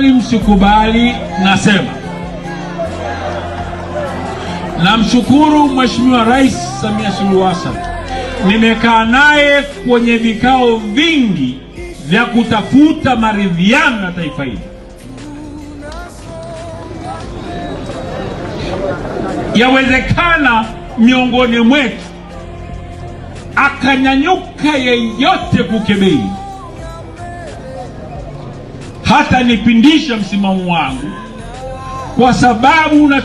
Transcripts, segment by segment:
mkubali msikubali, nasema namshukuru Mheshimiwa Rais Samia Suluhu Hassan. Nimekaa naye kwenye vikao vingi vya kutafuta maridhiano na taifa hili. Yawezekana miongoni mwetu akanyanyuka yeyote kukebei hata nipindisha msimamo wangu, kwa sababu na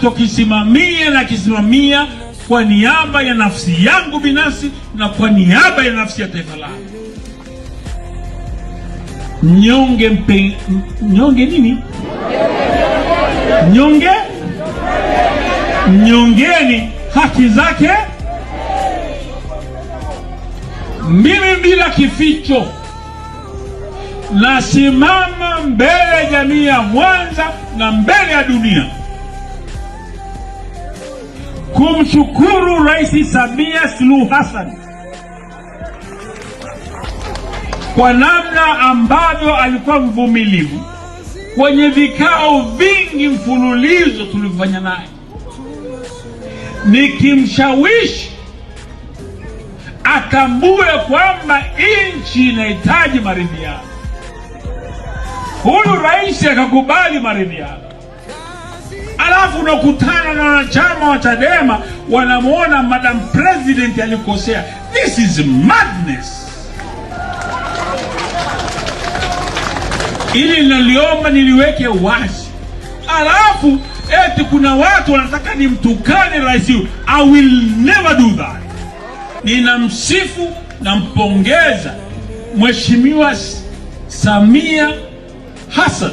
nakisimamia kwa niaba ya nafsi yangu binafsi na kwa niaba ya nafsi ya taifa langu. Nyonge mpe, nyonge nini? Mnyonge, mnyongeni haki zake. Mimi bila kificho nasimama mbele ya jamii ya Mwanza na mbele ya dunia kumshukuru Rais Samia Suluhu Hassan kwa namna ambavyo alikuwa mvumilivu kwenye vikao vingi mfululizo tulivyofanya naye, nikimshawishi atambue kwamba nchi inahitaji maridhiano huyu rais akakubali maridhiano, alafu unakutana na wanachama wa Chadema wanamwona madam president alikosea. This is madness. Ili naliomba niliweke wazi, alafu eti kuna watu wanataka nimtukane rais huyu. I will never do that. Ninamsifu na mpongeza Mheshimiwa Samia Hassan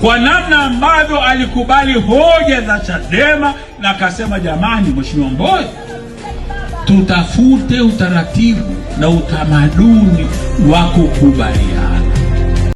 kwa namna ambavyo alikubali hoja za Chadema na akasema, jamani, Mheshimiwa Mbowe, tutafute utaratibu na utamaduni wa kukubaliana.